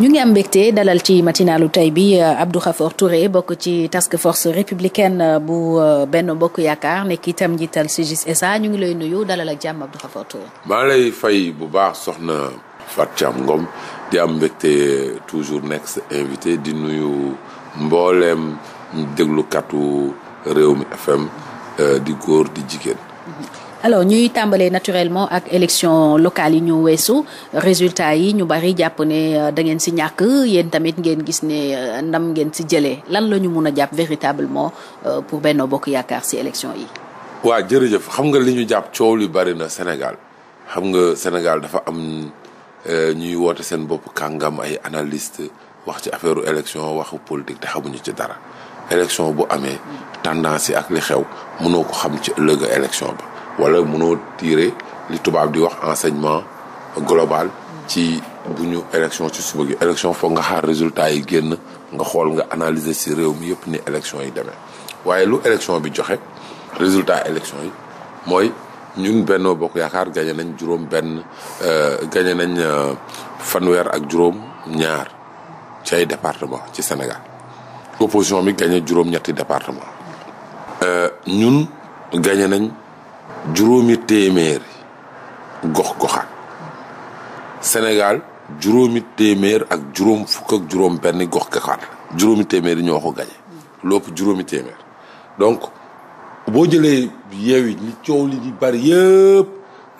ñu ngi am mbégte dalal ci matinalu tey bi euh, Abdou Khafor Touré bokk ci task force républicaine euh, bu euh, benn bokk yaakaar nekk itam njiital SYGIS SA ñu ngi lay nuyu dalal ak jàmm Abdou Khafor Touré. maa lay fay bu baax soxna Fatou Thiam Ngom di am mbégte toujours nekk sa invité di nuyu mbooleem déglukatu réew mi FM di góor di jigéen. alors ñuy tàmbalee naturellement ak élection locale yi ñu weesu résultat yi ñu bari jàpp ne euh, da ngeen si ñàkk yéen tamit ngeen gis ne euh, ndam ngeen ci jëlee lan la ñu mun a jàpp véritablement euh, pour benn Bokk Yaakaar si élection yi. waa jërëjëf xam nga li ñu jàpp coow li bari na Sénégal xam nga Sénégal dafa am ñuy woote seen bopp kàngam ay analyste wax ci affaire élection waxu politique te xamuñu ci dara élection boo amee tendance yi ak li xew mënoo ko xam ci ëllëg élection ba. wala mënoo tirer li tubaab di wax enseignement global ci bu ñu élection ci suba gi élection foog nga xaar résultat yi génn nga xool nga analyser si réew mi yëpp ni élection yi demee waaye lu élection bi joxe résultat élection yi mooy ñun benn Bokk Yaakaar gagné nañ juróom benn euh, gagné nañ euh, fanweer ak juróom ñaar ci ay ci Sénégal opposition bi gagné juróom département euh, ñun gagné nañ juróomi téeméer gox goxaat Sénégal juróomi téeméer ak juróom fukk ak juróom benn gox goxaat la juróomi téeméer yi ñoo gañe lopp juróomi téeméer donc boo jëlee yeew yi li coow li di bari yëpp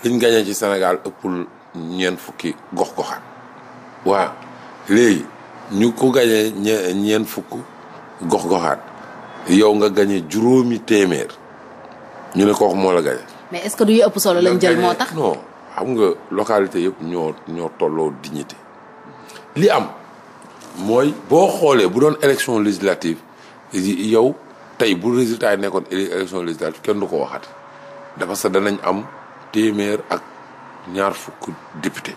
liñ gañe ci Sénégal ëppul ñeent fukki gox goxaat waaw léegi ñu ko gañee ñe fukk gox goxaat yow nga gañe juróomi téeméer ñu ne kooku moo la gañe mais est-ce que du yu ëpp solo lañ jël moo tax xam nga localité yëpp ñoo ñoo tolloo dignité li am mooy boo xoolee bu doon élection législative yow tey bu résultat yi nekkoon élection législative kenn du ko waxati dafa sa danañ am téeméer ak ñaar fukk député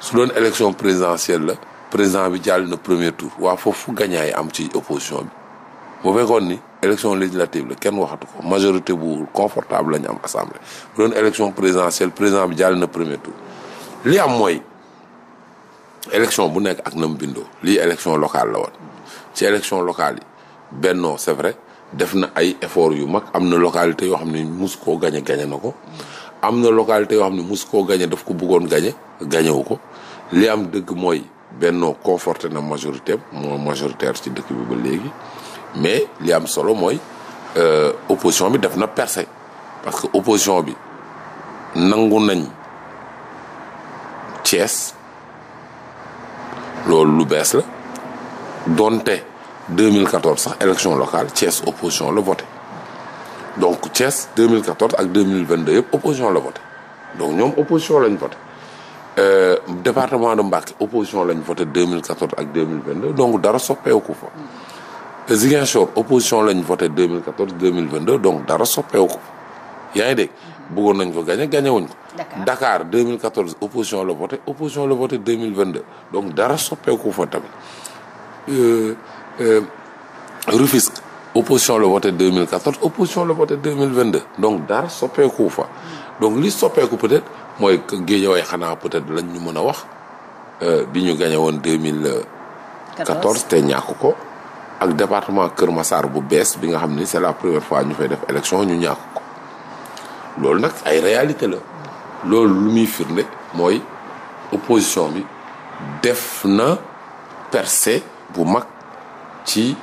su doon élection présidentielle la président bi jàll na premier tour waa foofu gañaay am ci opposition bi bu fekkoon ni élection législative la kenn waxatu ko majorité bu confortable la ñu am assemblée bu doon élection présidentielle président bi jàll na premier tour am mooy élection bu nekk ak nam bindoo lii élection locale la woon ci élection locale yi bennoo c'est vrai def na ay effort yu mag am na localité yoo xam ne mosu koo gañe gañe na ko am na localité yoo xam ne mosu koo gañe daf ko bëggoon gañe gañewu ko li am dëgg mooy bennoo conforté na majorité moo majoritaire ci dëkk bi ba léegi mais li am solo mooy euh, opposition bi def na percé parce que opposition bi nangu nañ Thiès loolu lu bees la donte 2014 sax élection locale Thiès opposition la voté donc Thiès 2014 ak 2022 yëpp opposition la voté donc ñoom opposition lañ voté euh, département de Mbacké opposition lañ voté 2014 ak 2022 donc dara soppeeku ko Ziguinchor opposition lañ voté 2014 2022 donc dara soppeewu ko yaa ngi dégg. Mhm. bëggoon nañ ko gagné gagné wuñ ko. Dakar 2014 opposition la voté opposition la voté 2022 donc dara soppeeku fa tamit euh, euh, Rufisque opposition la voté 2014 opposition la voté 2022 donc dara soppeeku fa. Mhm. donc li soppeeku peut-être mooy Guédiawaye xanaa peut-être lañ ñu mën a wax euh, bi ñu gagné woon 2014 te ñàkk ko. ak département Kër Massar bu bees bi nga xam ni c'est la première fois ñu fay def élection ñu ñàkk ko loolu nag ay réalité la loolu lu muy firnde mooy opposition bi def na percée bu mag ci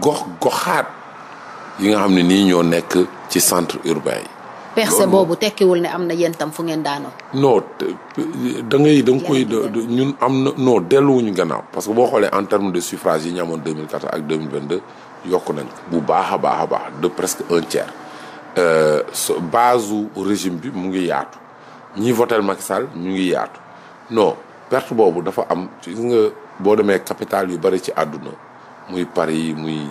gox goxaat yi nga xam ne nii ñoo nekk ci centre urbain yi percée boobu tekkiwul ne am na yéen tam fu ngeen daanoo. non da ngay koy ñun am na non delluwuñu gannaaw parce que boo xoolee en terme de suffrage yi ñu amoon 2014 ak 2022 nañ bu baax a baax a baax de presque un tiers euh, base régime bi mu ngi yaatu ñi votel Macky Sall ñu ngi yaatu non perte boobu dafa am gis nga boo demee capital yu bari ci àdduna muy Paris muy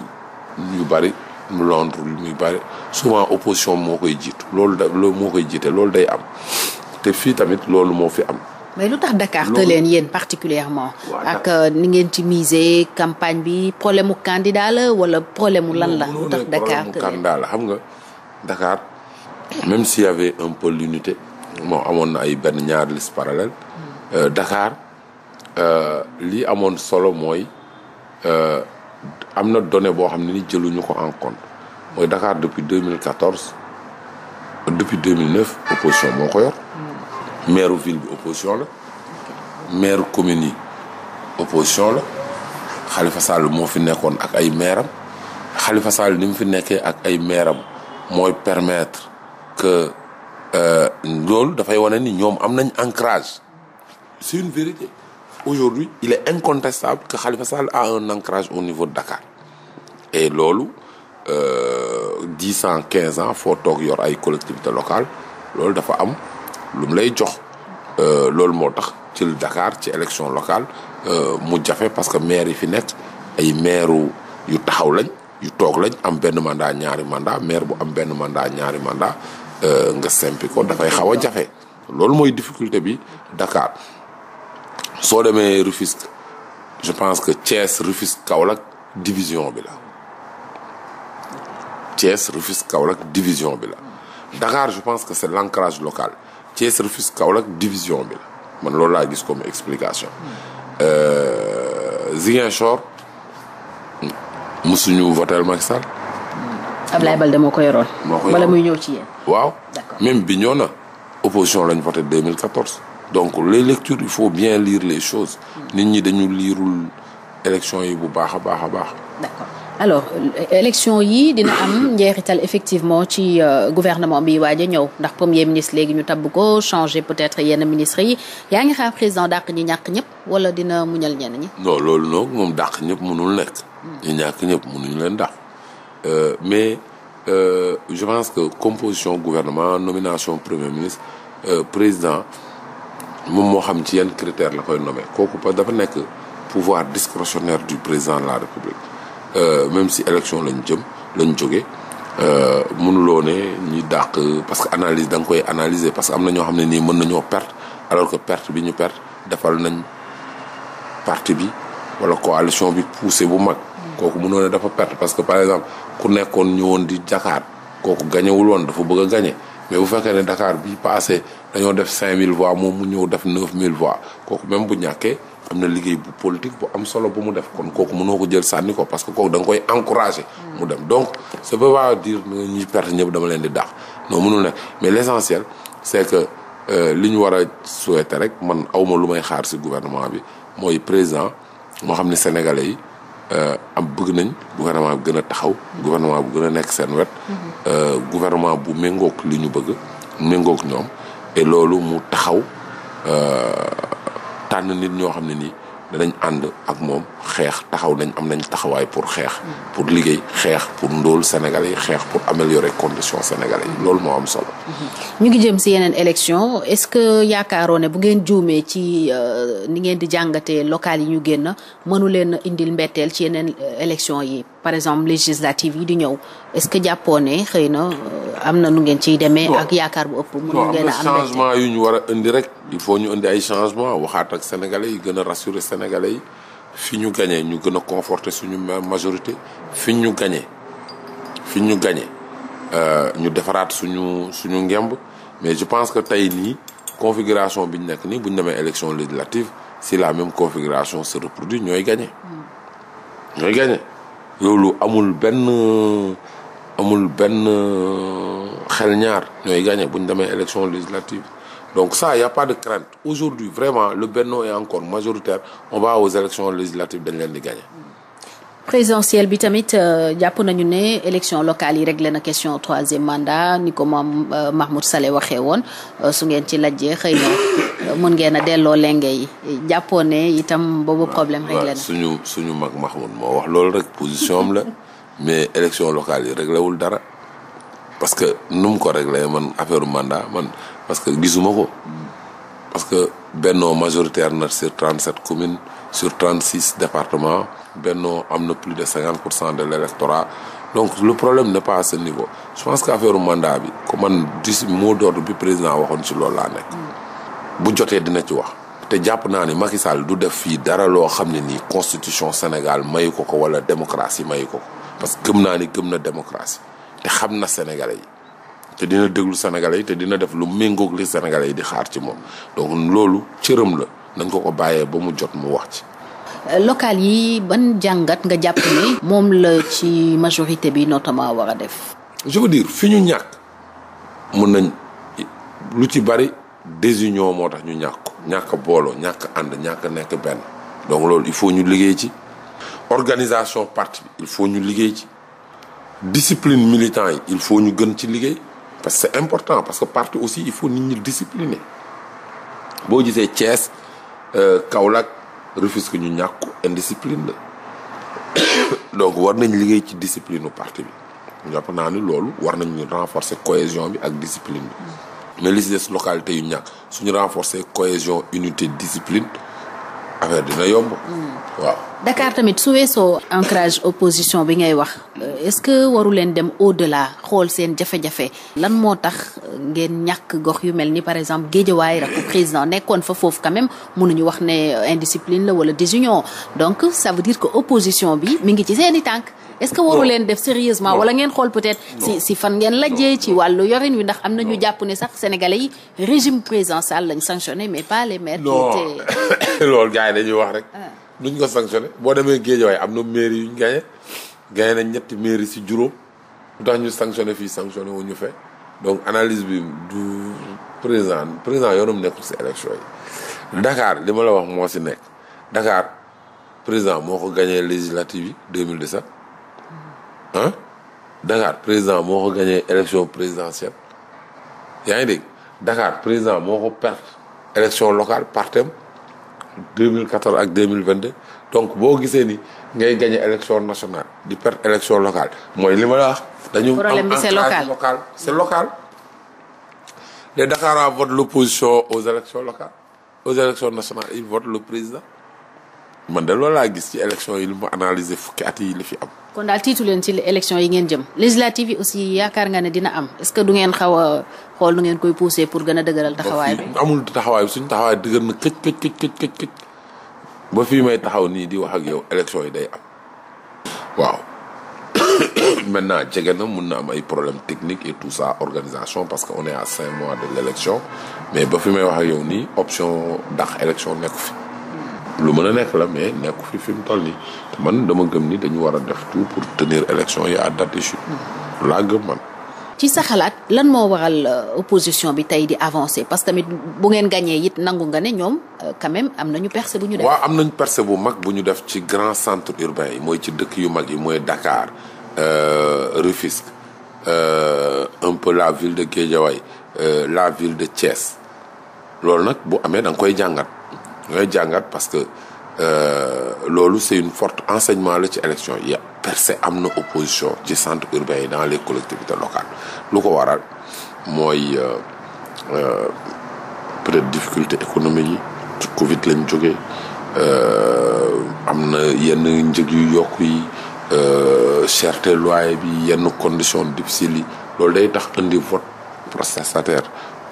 yu bari Londres muy bari souvent opposition moo koy jiitu loolu koy jiite loolu day am te fii tamit loolu moo fi am. mais lu tax Dakar te leen yéen particulièrement ak euh, ni ngeen ci miser campagne bi problème mu candidat la wala problème mu lan la. lu tax Dakar te candidat la nga Dakar même s'il un peu l'unité moo amoon ay benn ñaar liste parallèle hmm. euh, Dakar euh, li amoon solo mooy. am na donnée boo xam ne ni jëluñu ko en compte mooy dakaar depuis 2014 depuis 2009 opposition moo ko yor. Hmm. maire ville bi opposition la. maire commune yi opposition la. Khalifa Sall moo fi nekkoon ak ay mairam Khalifa Sall ni mu fi nekkee ak ay mairam mooy permettre que euh, loolu dafay wane ni ñoom am nañ encrage c'est une vérité. aujourd'hui il est incontestable que Khalifa Sall a un ancrage au niveau de Dakar et loolu euh, dix ans quinze ans foo toog yor ay collectivité locale loolu dafa am lu lay jox euh, loolu moo tax ci Dakar ci élection locale euh, mu jafe parce que maire yi fi nekk ay maire yu taxaw lañ yu toog lañ am benn mandat ñaari mandat maire bo am benn mandat ñaari mandat nga sempi dafay xaw a jafe loolu mooy difficulté bi Dakar soo demee Rufisque je pense que Thiès Rufisque Kaolack division bi la Thiès Rufisque Kaolack division bi la Dakar je pense que c'est l'ancrage local Thiès Rufisque Kaolack division bi man loolu laa gis comme explication euh, Ziguinchor mosuñu votel Macky Sall. Ablaye Balde moo ko yoroon. moo ko yoroon bala muy ñëw ci yéen. waaw même bi ñoo na opposition lañ voté 2014. donc les lectures il faut bien lire les choses. nit ñi dañu liirul élection yi bu baax a baax a baax. d'accord alors élection yi dina am njeexital effectivement ci euh, gouvernement bi waaj a ñëw ndax premier ministre léegi ñu tabb ko changer peut-être yenn ministres yi yaa ngi xaar président dàq ñi ñàkk ñëpp wala dina muñal ñeen ñi. non loolu noonu moom dàq ñëpp mënul nekk. Hmm. ñi ñàkk ñëpp mënuñu leen dàq. Euh, mais euh, je pense que composition gouvernement nomination premier ministre euh, président. moom moo xam ci yenn critère la koy nommé kooku pa dafa nekk pouvoir discrétionnaire du président de la république euh, même si élection lañu jëm lañ jóge euh, mënuloo ne ñi dàq parce que analyse danga koy analyser parce que am na ñoo xam ne nii mën nañoo perte alors que perte bi ñu perte defal nañ parti bi wala coalition bi poussé bu mag. kooku mënoo ne dafa perte parce que par exemple ku nekkoon ñëwoon di jakaar kooku gañewul woon dafa bëgg a gañe mais bu fekkee ne Dakar bi passé dañoo def mille voix moom mu ñëw def 9000 voix kooku même bu ñàkkee am na liggéey bu politique bu am solo bu mu def kon kooku mënoo ko jël sànni ko parce que kooku da nga koy encouragé. mu dem donc ça veut pas dire ñi perte ñëpp dama leen di daax non mënul nekk mais l' essentiel est que euh, li ñu war a souhaité rek man awma lu may xaar si gouvernement bi mooy président moo xam ne sénégalais yi. Euh, am bëgg nañ gouvernement bu gën a taxaw gouvernement bu gën a nekk seen wet euh, gouvernement bu méngook li ñu bëgg méngook ñoom et loolu mu taxaw euh, tànn nit ñoo xam ne nii danañ ànd ak moom xeex taxaw nañ am nañ taxawaay pour xeex. pour liggéey xeex pour ndóol sénégalais yi xeex pour améliorer condition sénégalais yi loolu moo am solo. ñu ngi jëm si yeneen élection est-ce que yaakaaroo ne bu ngeen juumee ci euh, ni ngeen di jàngatee local yi ñu génn mënu leen indil mbetteel ci yeneen euh, élection yi par exemple législative yi di ñëw est-ce que jàppoo ne xëy na euh, am na nu ngeen ciy demee. ak yaakaar bu ëpp mënu ngeen a am changement yu ñu rek. il faut ñu indi ay changement waxaat ak sénégalais yi gën a rassurer sénégalais yi fi ñu gañee ñu gën a conforter suñu majorité fi ñu gagné fi ñu gagné euh, ñu defaraat suñu suñu ngemb mais je pense que tey nii configuration bi ñu nekk nii bu ñu demee élection législative si la même configuration se reproduit ñooy gagné. ñooy gagné loolu amul benn amul benn euh, xel ñaar ñooy gagné bu ñu demee élection législative. donc ça y a pas de crainte aujourd'hui vraiment le Benno est encore majoritaire on va aux élections législatives dañ leen di gagner. présidentielle bi tamit euh, jàpp nañu ne élection locale yi réglé na question troisième mandat ni ko moom euh, Mahmoud Saleh waxee woon euh, su ngeen ci lajjee xëy na mën ngeen a delloo lenge yi jàppoo ne itam boobu problème réglé na. suñu suñu mag Mahmoud moo wax loolu rek position am la mais élection locale yi réglé wul dara. parce que nu mu ko réglé man affaire mandat man parce que gisuma ko parce que bennoo majoritaire na sur 37 commune sur 36 département bennoo am na plus de 50 pour cent de l'électorat donc le problème n'est pas à ce niveau je pense que affaire mandat bi ko di dis mot d'ordre bi président waxoon ci loolu laa nekk bu jotee dina ci wax te jàpp naa ni Macky Sall du def fii dara loo xam ne nii constitution Sénégal mayu ko ko wala démocratie mayu ko ko parce que gëm naa ni gëm na démocratie te xam na sénégalais yi te dina déglu sénégalais yi te dina def lu méngoog li sénégalais yi di xaar ci moom donc loolu cëram la nañ ko bàyyee ba mu jot mu wax ci. local yi ban jàngat nga jàpp ni. moom la ci majorité bi notamment war a def. je veux dire fi ñu ñàkk mun nañ lu ci bari désunion moo tax ñu ñàkk ko ñàkk booloo ñàkk ànd ñàkk nekk benn donc loolu il faut ñu liggéey ci organisation parti il faut ñu liggéey ci. discipline militant yi il faut ñu gën ci liggéey parce que c'est important parce que parti aussi il faut nit ñi discipliner boo gisee Thiès euh, Kaolack Rufisque ñu ñàkku ko indiscipline la donc war nañ liggéey ci discipline u parti bi jàpp naa ni loolu war nañu renforcer cohésion bi ak discipline bi mais li ci localité yu ñàkk suñu renforcer cohésion unité discipline affaire dina yomb. Hmm. waaw tamit su weesoo ancrage opposition bi ngay wax euh, est-ce que waru leen dem au-delà xool seen jafe-jafe lan moo tax ngeen ñàkk gox yu mel ni par exemple Guédiawaye rakku président nekkoon fa foofu quand même mënuñu wax ne indiscipline la wala désunion donc ça veut dire que opposition bi mu ngi ci seeni tànk. est-ce que waru leen def sérieusement wala ngeen xool peut-être si fan ngeen lajjee ci wàllu yorin wi ndax am na ñu jàpp ne sax sénégalais yi régime président Sall lañ sanctionné mais pas les maires non loolu gars yi dañuy wax rek duñ ah. ko sanctionné boo demee Guédiawaye am na mairie yu ñu gagné gagné nañ ñetti mairie si juróom lu tax ñu sanctionné fii sanctionné wu ñu fe donc analyse bi du président président yoonam nekkul si élection yi Dakar li ma la wax moo si nekk Dakar président moo ko gagné législative yi 2017 ah Dakar président moo ko gagné élection présidentielle yaa ngi dégg Dakar président moo ko perte élection locale partem 2014 ak 2022 donc boo gisee ni ngay gagné élection nationale di perte élection locale mooy li ma la wax. dañu am c'est local local c'est local. les Dakarois votent l'opposition aux élections locales aux élections nationales ils votent le président man de loolu laa gis ci élection yi lu ma analyser fukki at yi li fi am. kon daal tiitu leen ci élection yi ngeen jëm législative yi aussi yaakaar nga ne dina am est-ce que du ngeen xaw a xool nu ngeen koy pousser pour gën a dëgëral taxawaay bi amul taxawaay bi suñu taxawaay dëgër na këcc këcc këcc këcc këcc ba fii may taxaw nii di wax ak yow élection yi day am waaw naa jege na mun na am ay problèmes techniques et tout ça organisation parce que on est à cinq mois de l'élection mais ba fi may wax ak yow nii option dàq élection nekk fi lu mën a nekk la mais nekku fi fi mu toll nii man dama gëm ni dañu war a def tout pour tenir élection yi à date échue laa gëm man. ci sa xalaat lan moo waral euh, opposition bi tey di avancé parce que tamit bu ngeen gagné it nangu nga ne ñoom euh, quand am nañu percée bu ñu def. am nañu percée bu mag bu ñu def ci grand centre urbain yi mooy ci dëkk yu mag yi mooy dakaar euh, Rufisque un peu la ville de Guédiawaye la ville de Thiès loolu nag boo amee da nga koy jàngat. ngay jàngat parce que euh, loolu c'est une forte enseignement la ci élection perce que am na opposition ci centre urbain yi dans les collectivités locales lu ko waral mooy euh, euh, peut-être difficulté économique yi ci Covid lañ jógee am na yenn njëg yu yokk yi cherté loyer bi yenn conditions difficiles yi loolu day tax indi vote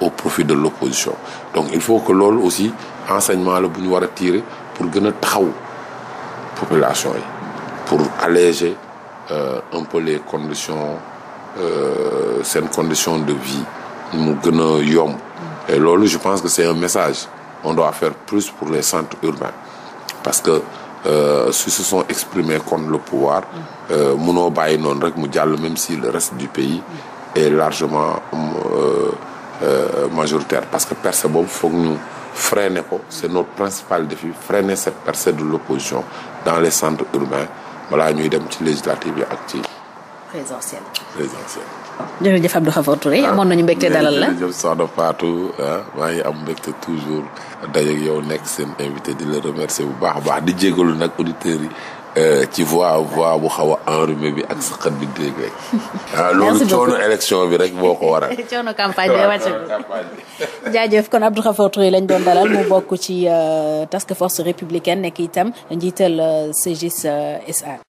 au profit de l'opposition donc il faut que loolu aussi enseignement la bu ñu war a tirer pour gën a taxaw population yi pour alléger euh, un peu les conditions euh, seen condition de vie mu gën a yomb et loolu je pense que c'est un message on doit faire plus pour les centres urbains parce que Euh, si se sont exprimés contre le pouvoir euh, mënoo bàyyi noonu rek mu jàll même si le reste du pays est largement euh, Euh, majoritaire parce que percée boobu foog ñu ne ko c'est notre principal défi freiner cette percée de l'opposition dans les centres urbains balaa ñuy dem ci législative yi ak ci. présidentielle présidentielle. jërëjëf Abdou Khafor Touré ah, amoon nañu mbégte dalal la jërëjëf soxna Fatou ah, maa ngi am mbégte toujours dajeeg yow nekk seen invité di la remercier bu baax a baax di jégalu nag auditeurs yi. Euh, ci voix voix bu xaw a enrhumé bi ak saqat bi dégg rek. Ah, merci loolu coono élection bi rek boo ko waral. campagne bi wàcc bi kon Abdou Khafor Touré lañ doon dalal mu bokk ci euh, task force républicaine nekk itam njiital CGIS euh, SA.